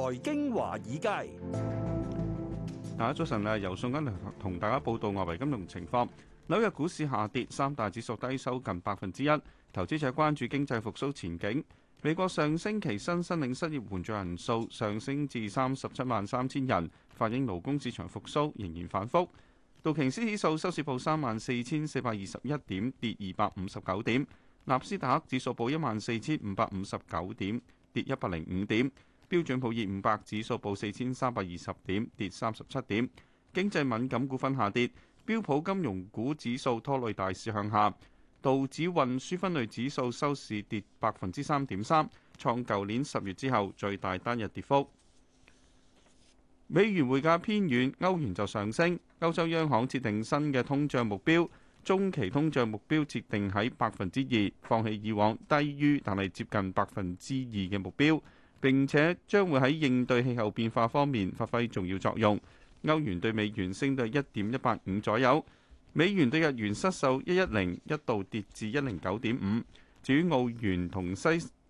財經華爾街，大家早晨。由宋恩同大家報道外圍金融情況。紐約股市下跌，三大指數低收近百分之一。投資者關注經濟復甦前景。美國上星期新申領失業援助人數上升至三十七萬三千人，反映勞工市場復甦仍然反複。道瓊斯指數收市報三萬四千四百二十一點，跌二百五十九點。納斯達克指數報一萬四千五百五十九點，跌一百零五點。標準普爾五百指數報四千三百二十點，跌三十七點。經濟敏感股份下跌，標普金融股指數拖累大市向下。道指運輸分類指數收市跌百分之三點三，創舊年十月之後最大單日跌幅。美元匯價偏軟，歐元就上升。歐洲央行設定新嘅通脹目標，中期通脹目標設定喺百分之二，放棄以往低於但係接近百分之二嘅目標。並且將會喺應對氣候變化方面發揮重要作用。歐元對美元升到一點一八五左右，美元對日元失守一一零，一度跌至一零九點五。至於澳元同西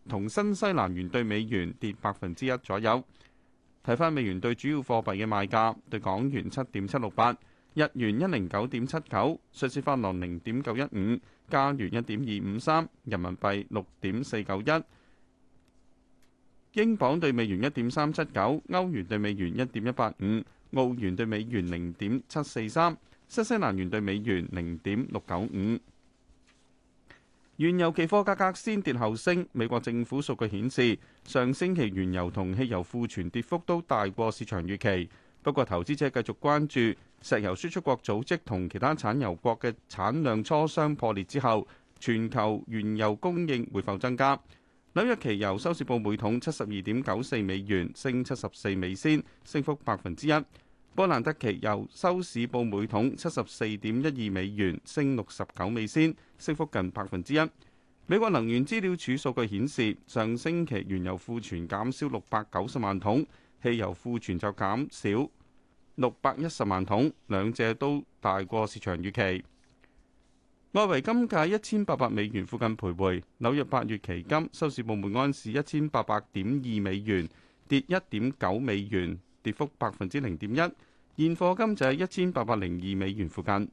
同新西蘭元對美元跌百分之一左右。睇翻美元對主要貨幣嘅賣價，對港元七點七六八，日元一零九點七九，瑞士法郎零點九一五，加元一點二五三，人民幣六點四九一。英鎊對美元一點三七九，歐元對美元一點一八五，澳元對美元零點七四三，新西蘭元對美元零點六九五。原油期貨價格先跌後升。美國政府數據顯示，上星期原油同汽油庫存跌幅都大過市場預期。不過投資者繼續關注石油輸出國組織同其他產油國嘅產量磋商破裂之後，全球原油供應會否增加。紐約期油收市報每桶七十二點九四美元，升七十四美仙，升幅百分之一。波蘭德期油收市報每桶七十四點一二美元，升六十九美仙，升幅近百分之一。美國能源資料處數據顯示，上星期原油庫存減少六百九十萬桶，汽油庫存就減少六百一十萬桶，兩者都大過市場預期。外圍金價一千八百美元附近徘徊，紐約八月期金收市報每安士一千八百點二美元，跌一點九美元，跌幅百分之零點一。現貨金就係一千八百零二美元附近。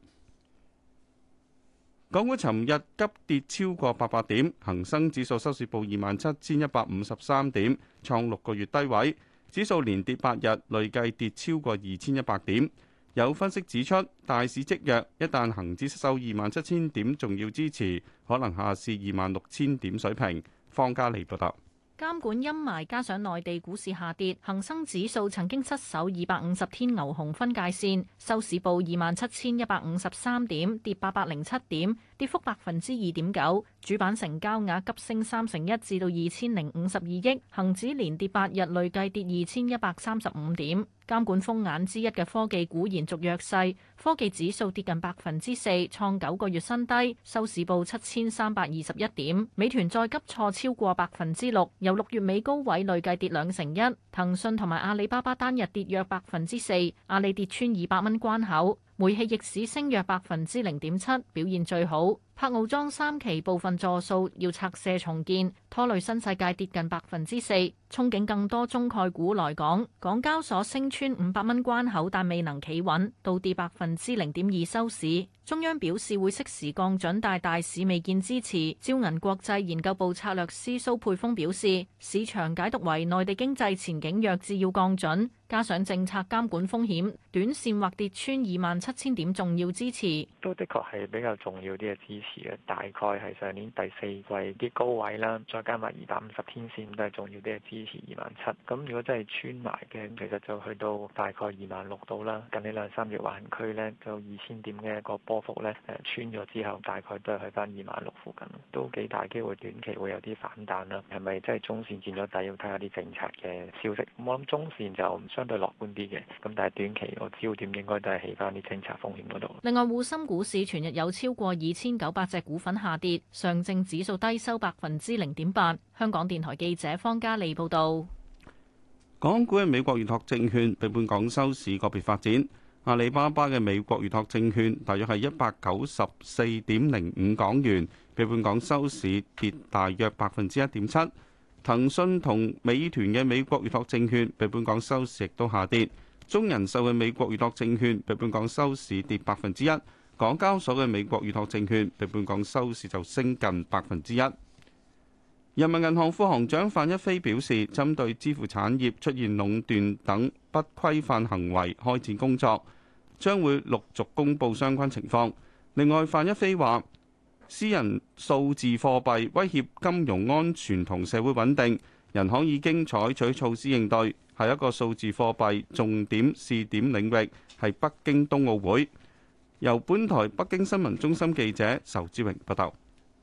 港股尋日急跌超過八百點，恒生指數收市報二萬七千一百五十三點，創六個月低位，指數連跌八日，累計跌超過二千一百點。有分析指出，大市積弱，一旦恆指收二萬七千點仲要支持，可能下試二萬六千點水平。方家利報道，監管陰霾加上內地股市下跌，恒生指數曾經失守二百五十天牛熊分界線，收市報二萬七千一百五十三點，跌八百零七點，跌幅百分之二點九。主板成交額急升三成一，至到二千零五十二億，恒指連跌八日，累計跌二千一百三十五點。監管風眼之一嘅科技股延續弱勢，科技指數跌近百分之四，創九個月新低，收市報七千三百二十一點。美團再急挫超過百分之六，由六月尾高位累計跌兩成一。騰訊同埋阿里巴巴單日跌約百分之四，阿里跌穿二百蚊關口。煤氣逆市升約百分之零點七，表現最好。柏傲莊三期部分座數要拆卸重建，拖累新世界跌近百分之四。憧憬更多中概股來港，港交所升穿五百蚊關口，但未能企穩，倒跌百分之零點二收市。中央表示會適時降準，但大市未見支持。招銀國際研究部策略師蘇佩峰表示，市場解讀為內地經濟前景弱，至要降準，加上政策監管風險，短線或跌穿二萬七千點重要支持。都的確係比較重要啲嘅支持嘅，大概係上年第四季啲高位啦，再加埋二百五十天綫都係重要啲嘅支持二萬七。咁如果真係穿埋嘅，其實就去到大概二萬六度啦。近呢兩三月橫區咧，就二千點嘅一個波。波幅咧，誒穿咗之後，大概都係去翻二萬六附近，都幾大機會短期會有啲反彈啦。係咪真係中線見咗底，要睇下啲政策嘅消息。我諗中線就相對樂觀啲嘅，咁但係短期個焦點應該都係起翻啲政策風險嗰度。另外，滬深股市全日有超過二千九百隻股份下跌，上證指數低收百分之零點八。香港電台記者方嘉利報導。港股嘅美國越拓證券被半港收市個別發展。阿里巴巴嘅美國預託證券大約係一百九十四點零五港元，比本港收市跌大約百分之一點七。騰訊同美團嘅美國預託證券比本港收市亦都下跌。中人壽嘅美國預託證券比本港收市跌百分之一。港交所嘅美國預託證券比本港收市就升近百分之一。人民銀行副行長范一飛表示，針對支付產業出現壟斷等不規範行為，開展工作。將會陸續公布相關情況。另外，范一飛話：私人數字貨幣威脅金融安全同社會穩定，人行已經採取措施應對。下一個數字貨幣重點試點領域係北京冬奧會。由本台北京新聞中心記者仇志榮報道。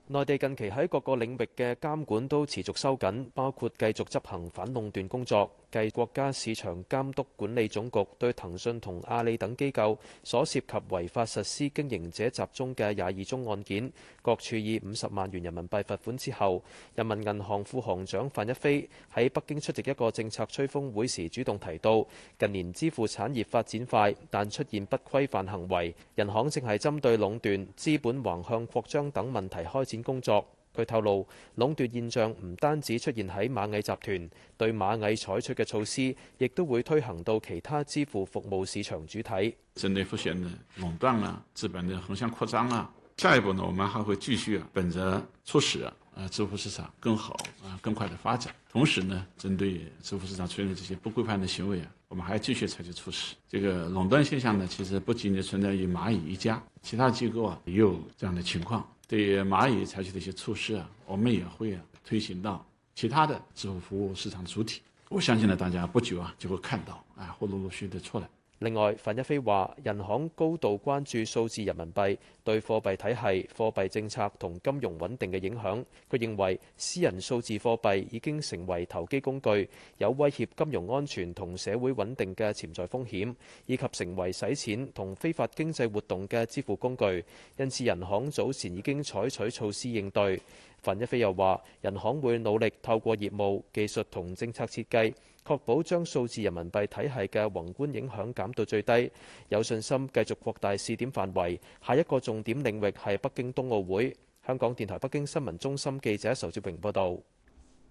內地近期喺各個領域嘅監管都持續收緊，包括繼續執行反壟斷工作。繼國家市場監督管理總局對騰訊同阿里等機構所涉及違法實施經營者集中嘅廿二宗案件，各處以五十萬元人民幣罰款之後，人民銀行副行長范一飛喺北京出席一個政策吹風會時主動提到，近年支付產業發展快，但出現不規範行為，人行正係針對壟斷、資本橫向擴張等問題開始工作，佢透露，壟斷現象唔單止出現喺螞蟻集團，對螞蟻採取嘅措施，亦都會推行到其他支付服務市場主體針對目前的壟斷啊，資本的橫向擴張啊，下一步呢，我們還會繼續啊，本着促使啊，啊支付市場更好啊，更快的發展。同時呢，針對支付市場出現的這些不規範的行為啊，我們還要繼續採取措施。這個壟斷現象呢，其實不僅僅存在於螞蟻一家，其他機構啊，也有這樣的情況。對螞蟻採取的一些措施啊，我們也會、啊、推行到其他的支付服務市場主體。我相信呢，大家不久啊就會看到，啊、哎，會陸陸續續的出來。另外，范一飛話：人行高度關注數字人民幣對貨幣體系、貨幣政策同金融穩定嘅影響。佢認為私人數字貨幣已經成為投機工具，有威脅金融安全同社會穩定嘅潛在風險，以及成為洗錢同非法經濟活動嘅支付工具。因此，人行早前已經採取措施應對。范一飛又話：人行會努力透過業務、技術同政策設計，確保將數字人民幣體系嘅宏觀影響減到最低，有信心繼續擴大試點範圍。下一個重點領域係北京冬奧會。香港電台北京新聞中心記者仇志榮報道。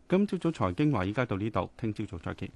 今朝早財經華爾街，依家到呢度，聽朝早再見。